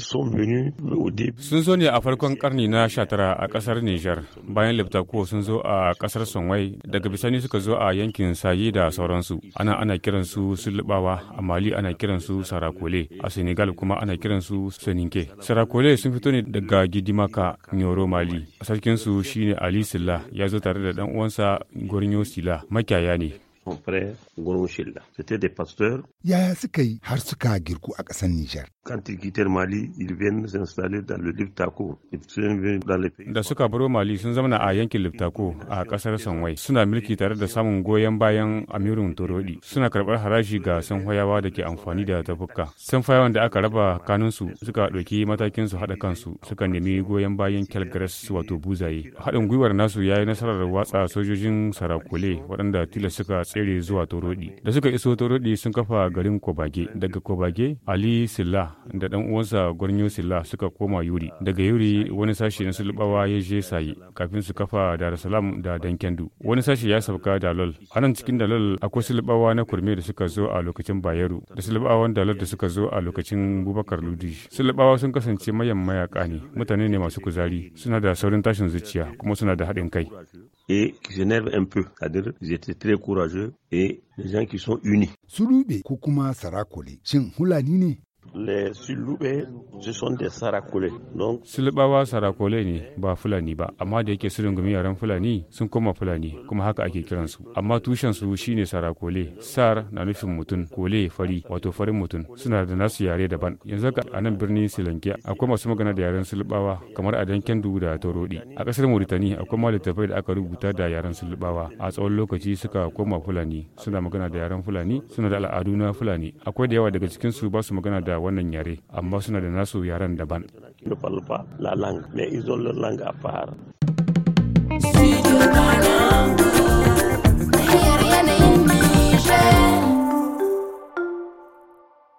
Sun zo ne a farkon karni na 19 a kasar Nijar, bayan Leptakuwa sun zo a kasar Sonwai, daga bisani suka zo a yankin Sayi da sauransu. Ana ana kiransu Sulubawa, a Mali ana kiransu Sarakole, a Senegal kuma ana kiransu Soninke. Sarakole sun fito ne daga Gidimaka, Nyoro Mali. Sarkinsu shine Ali Silla, ya zo tare da dan uwansa Gorinyo Silla, makiyaya ne. son frère Yaya suka yi har suka girku a ƙasar Nijar? Da suka baro Mali sun zamana a yankin Liptako a kasar Sanwai. Suna mulki tare da samun goyon bayan Amirun Torodi. Suna karɓar haraji ga Sanhoyawa da ke amfani da tafuka. Sanfayawan da aka raba kanunsu suka ɗauki matakin su haɗa kansu suka nemi goyon bayan Kyalgaras wato buzaye. Haɗin gwiwar nasu yayi nasarar watsa sojojin sarakule waɗanda tilas suka tsere zuwa Torodi. Da suka iso Torodi sun kafa garin Kobage. Daga Kobage, Ali Silla da dan uwansa Gwarnyo Sila suka koma Yuri. Daga Yuri wani sashi na Sulbawa ya je saye. kafin su kafa Dar salam da Dankendu. Wani sashi ya sauka Dalol. A nan cikin Dalol akwai Sulbawa na Kurme da suka zo a lokacin Bayero da Sulbawan Dalol da suka zo a lokacin Bubakar Ludi. Sulbawa sun kasance mayan mayaka ne, mutane ne masu kuzari, suna da saurin tashin zuciya kuma suna da haɗin kai. et Surube ko kuma sarakole, shin hulani ne? les ne ba fulani ba amma da yake su rungumi yaren fulani sun koma fulani kuma haka ake kiransu amma tushensu su shine sarakole sar na nufin mutum kole fari wato farin mutum suna da nasu yare daban yanzu ka a nan birnin silanke akwai masu magana da yaren sulubawa kamar a dan kendu da torodi a kasar mauritani akwai ma littafai da aka rubuta da yaren sulubawa a tsawon lokaci suka koma fulani suna magana da yaren fulani suna da al'adu na fulani akwai da yawa daga cikin ba su magana da wannan yare amma suna da nasu yaren daban Studio Bar.